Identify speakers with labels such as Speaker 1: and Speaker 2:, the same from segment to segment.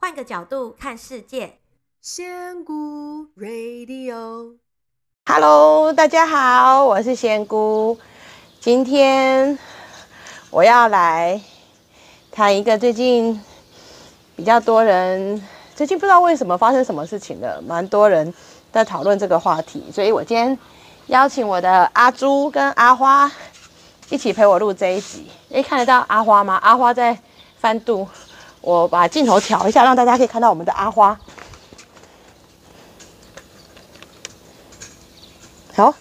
Speaker 1: 換個角度看世界，仙姑 Radio，Hello，大家好，我是仙姑。今天我要來談一個最近比較多人，最近不知道為什麼發生什麼事情的，蠻多人在討論這個話題，所以我今天邀請我的阿珠跟阿花一起陪我錄這一集。哎、欸，看得到阿花嗎？阿花在翻肚。我把鏡頭調一下，讓大家可以看到我們的阿花。好，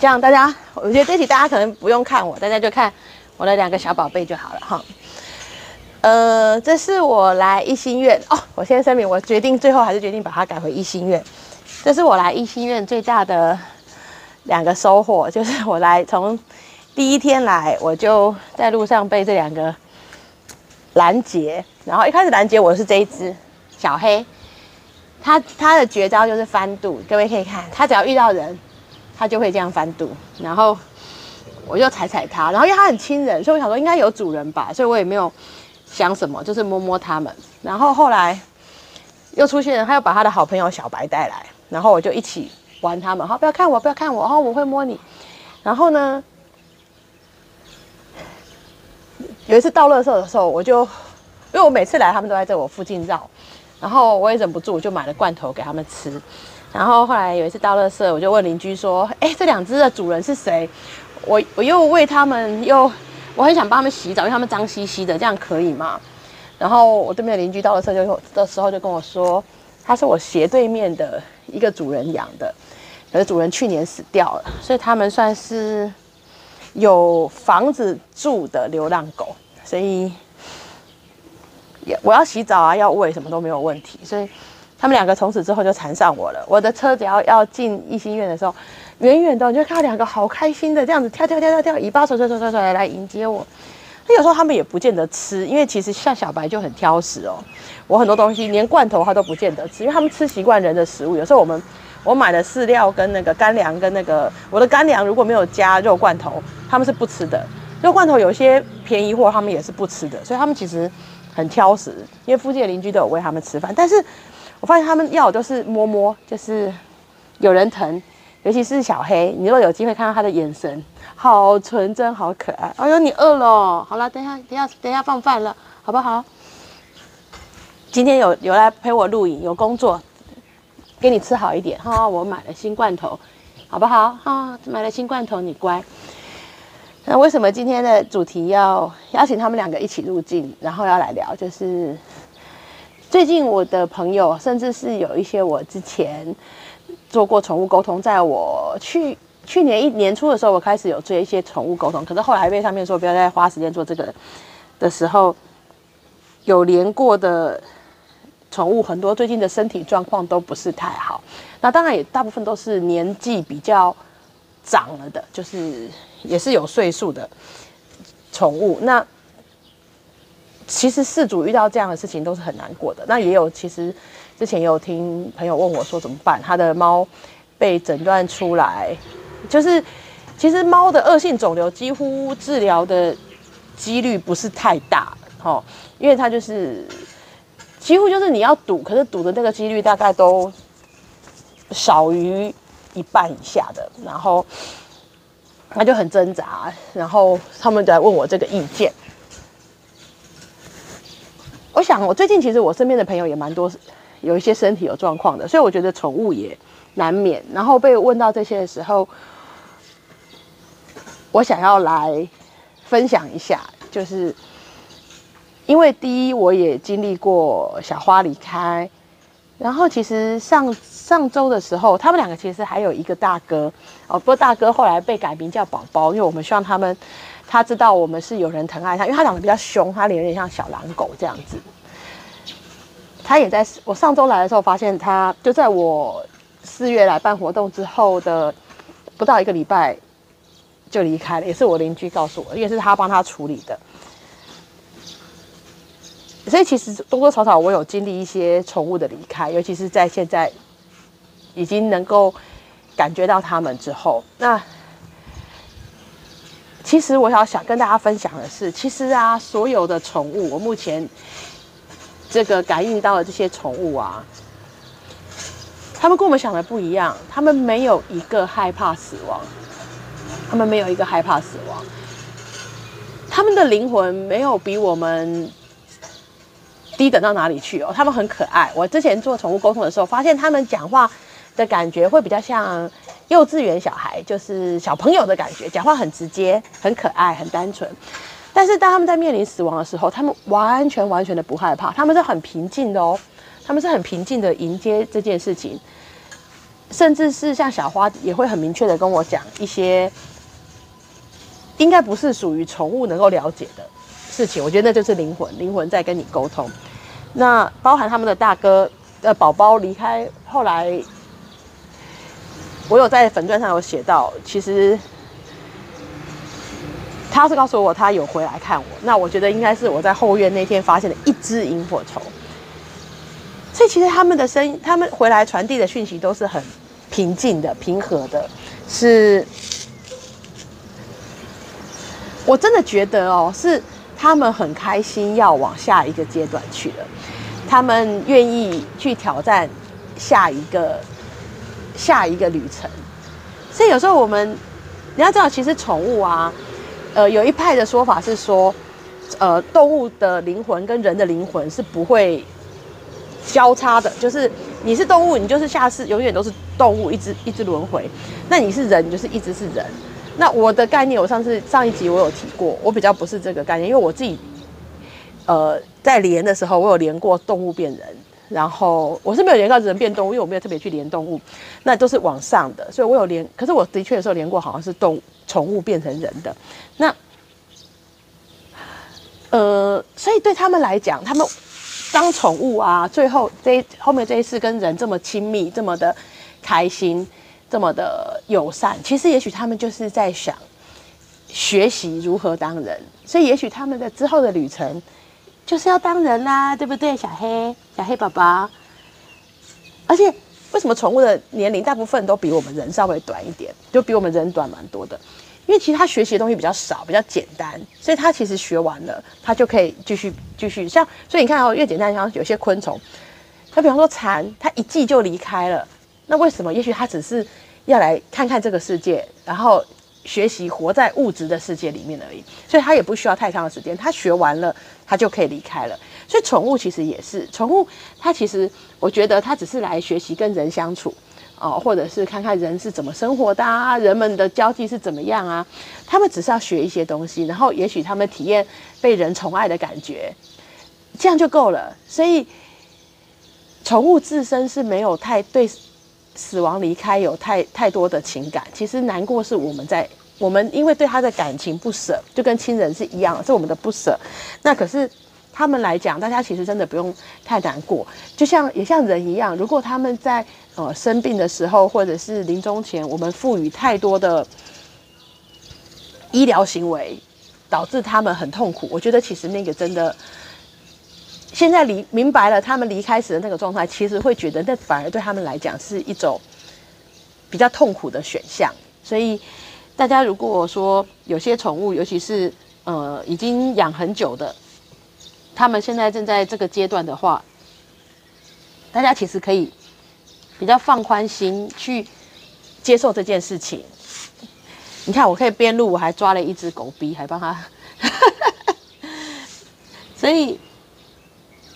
Speaker 1: 這樣大家，我覺得這期大家可能不用看我，大家就看我的兩個小寶貝就好了哈。呃，這是我來一心院哦。我先聲明，我決定最後還是決定把它改回一心院。這是我來一心院最大的兩個收穫，就是我來從第一天來，我就在路上背這兩個。攔截，然後一開始攔截我是這一只小黑，它它的絕招就是翻肚，各位可以看，它只要遇到人，它就會這樣翻肚，然後我就踩踩它，然後因為它很親人，所以我想說應該有主人吧，所以我也沒有想什麼，就是摸摸它們，然後後來又出現了，他又把他的好朋友小白帶來，然後我就一起玩他們，哈，不要看我不要看我，然後我會摸你，然後呢，有一次倒垃圾的時候，我就因為我每次來，他們都在在我附近繞，然後我也忍不住我就買了罐頭給他們吃。然後後來有一次倒垃圾，我就問鄰居說：“哎，這兩隻的主人是誰？”我我又餵他們，又我很想幫他們洗澡，因為它們髒兮兮的，這樣可以嗎？然後我對面的鄰居倒垃圾就的時候就跟我說，他是我斜對面的一個主人養的，可是主人去年死掉了，所以他們算是。有房子住的流浪狗，所以、yeah, 我要洗澡啊，要餵什麼都沒有問題。所以他們兩個從此之後就纏上我了。我的車只要要進怡心苑的時候，遠遠的你就會看到兩個好開心的這樣子跳跳跳跳跳，尾巴甩甩甩甩甩來來迎接我。那有時候他們也不見得吃，因為其實像小白就很挑食哦。我很多東西連罐頭他都不見得吃，因為他們吃習慣人的食物。有時候我們。我買的飼料跟那個乾糧跟那個我的乾糧，如果沒有加肉罐頭，他們是不吃的。肉罐頭有些便宜貨，他們也是不吃的。所以他們其實很挑食。因為附近的鄰居都有餵他們吃飯，但是我發現他們要的都是摸摸，就是有人疼，尤其是小黑。你若有機會看到他的眼神，好純真，好可愛。哎呦，你餓了？好了，等一下等一下等一下放飯了，好不好？今天有有來陪我錄影，有工作。給你吃好一點哈，我買了新罐頭，好不好？哈，買了新罐頭，你乖。那為什麼今天的主題要邀請他們兩個一起入鏡，然後要來聊？就是最近我的朋友，甚至是有一些我之前做過寵物溝通，在我去去年一年初的時候，我開始有做一些寵物溝通，可是後來還被上面說不要再花時間做這個的時候，有連過的。寵物很多，最近的身體狀況都不是太好。那當然也大部分都是年紀比較長了的，就是也是有歲數的寵物。那其實飼主遇到這樣的事情都是很難過的。那也有，其實之前也有聽朋友問我說怎麼辦，他的貓被診斷出來，就是其實貓的惡性腫瘤幾乎治療的幾率不是太大，吼、哦，因為它就是。幾乎就是你要賭，可是賭的那個幾率大概都少於一半以下的，然後他就很掙扎，然後他們就來問我這個意見。我想，我最近其實我身邊的朋友也蠻多，有一些身體有狀況的，所以我覺得寵物也難免。然後被問到這些的時候，我想要來分享一下，就是。因為第一，我也經歷過小花離開，然後其實上上周的時候，他們兩個其實還有一個大哥哦，不過大哥後來被改名叫寶寶，因為我們希望他們，他知道我們是有人疼愛他，因為他長得比較凶，他臉有點像小狼狗這樣子。他也在我上周來的時候發現他，他就在我四月來辦活動之後的不到一個禮拜就離開了，也是我鄰居告訴我的，因為是他幫他處理的。所以其實多多少少我有經歷一些寵物的離開，尤其是在現在已經能夠感覺到它們之後，那其實我要想跟大家分享的是，其實啊，所有的寵物，我目前這個感應到的這些寵物啊，他們跟我們想的不一樣，他們沒有一個害怕死亡，他們沒有一個害怕死亡，他們的靈魂沒有比我們。低等到哪裡去哦？他們很可愛。我之前做寵物溝通的時候，發現他們講話的感覺會比較像幼稚園小孩，就是小朋友的感覺，講話很直接、很可愛、很單純。但是當他們在面臨死亡的時候，他們完全完全的不害怕，他們是很平靜的哦，他們是很平靜的迎接這件事情。甚至是像小花，也會很明確的跟我講一些應該不是屬於寵物能夠了解的事情。我覺得那就是靈魂，靈魂在跟你溝通。那包含他們的大哥的寶寶離開，後來我有在粉專上有寫到，其實他是告訴我他有回來看我，那我覺得應該是我在後院那天發現了一隻螢火蟲，所以其實他們的聲音，他們回來傳遞的訊息都是很平靜的、平和的，是，我真的覺得哦、喔、是。他們很開心，要往下一個階段去了。他們願意去挑戰下一個下一個旅程。所以有時候我們，你要知道，其實寵物啊，呃，有一派的說法是說，呃，動物的靈魂跟人的靈魂是不會交叉的。就是你是動物，你就是下世永遠都是動物，一直一直輪迴。那你是人，你就是一直是人。那我的概念，我上次上一集我有提過，我比較不是這個概念，因為我自己，呃，在連的時候我有連過動物變人，然後我是沒有連到人變動物，因為我沒有特別去連動物，那都是往上的，所以我有連，可是我的確有時候連過好像是動物，寵物變成人的，那，呃，所以對他們來講，他們當寵物啊，最後這後面這一次跟人這麼親密，這麼的開心。這麼的友善，其實也許他們就是在想學習如何當人，所以也許他們的之後的旅程就是要當人啦，啊，對不對？小黑，小黑寶寶。而且，為什麼寵物的年齡大部分都比我們人稍微短一點，就比我們人短蠻多的？因為其實它學習的東西比較少，比較簡單，所以它其實學完了，它就可以繼續繼續。像所以你看哦，越簡單，像有些昆蟲，它比方說蠶，它一季就離開了。那為什麼？也許他只是要來看看這個世界，然後學習活在物質的世界裡面而已。所以他也不需要太長的時間，他學完了，他就可以離開了。所以寵物其實也是寵物，它其實我覺得他只是來學習跟人相處啊、哦，或者是看看人是怎麼生活的啊，人們的交際是怎麼樣啊。他們只是要學一些東西，然後也許他們體驗被人寵愛的感覺，這樣就夠了。所以寵物自身是沒有太對。死亡離開有太太多的情感，其實難過是我們在我們因為對他的感情不捨，就跟親人是一樣，是我們的不捨。那可是他們來講，大家其實真的不用太難過，就像也像人一樣，如果他們在呃生病的時候或者是臨終前，我們賦予太多的醫療行為，導致他們很痛苦，我覺得其實那個真的。現在理明白了，他們離開時的那個狀態，其實會覺得，那反而對他們來講是一種比較痛苦的選項。所以大家如果說有些寵物，尤其是呃已經養很久的，他們現在正在這個階段的話，大家其實可以比較放寬心去接受這件事情。你看，我可以邊錄，我還抓了一隻狗逼，還幫他，呵呵所以。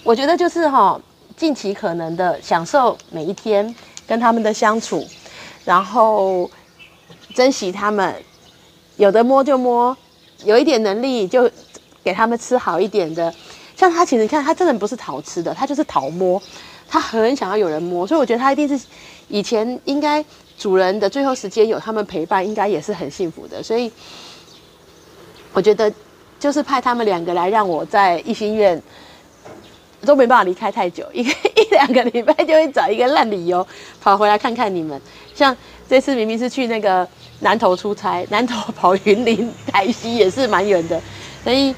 Speaker 1: 我覺得就是哈、哦，盡其可能的享受每一天跟他們的相處，然後珍惜他們，有的摸就摸，有一點能力就給他們吃好一點的。像他其實你看他真的不是討吃的，他就是討摸，他很想要有人摸，所以我覺得他一定是以前應該主人的最後時間有他們陪伴，應該也是很幸福的。所以我覺得就是派他們兩個來讓我在一心願。都沒辦法離開太久，一個，一兩個禮拜就會找一個爛理由跑回來看看你們。像這次明明是去那個南投出差，南投跑雲林，台西也是蠻遠的，所以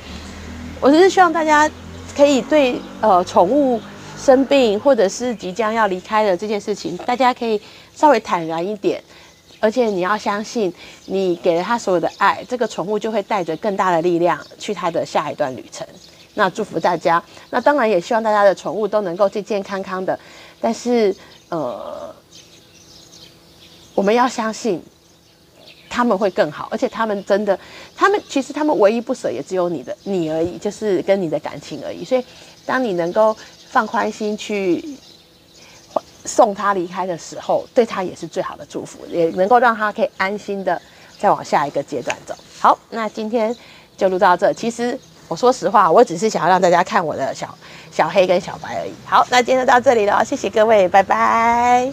Speaker 1: 我只是希望大家可以對呃寵物生病或者是即將要離開的這件事情，大家可以稍微坦然一點，而且你要相信，你給了他所有的愛，這個寵物就會帶着更大的力量去他的下一段旅程。那祝福大家。那當然也希望大家的寵物都能夠健健康康的。但是，呃，我們要相信他們會更好，而且他們真的，他們其實他們唯一不捨也只有你的你而已，就是跟你的感情而已。所以，當你能夠放寬心去送他離開的時候，對他也是最好的祝福，也能夠讓他可以安心的再往下一個階段走。好，那今天就錄到這。其實。我說實話，我只是想要讓大家看我的小小黑跟小白而已。好，那今天就到這裡了，謝謝各位，拜拜。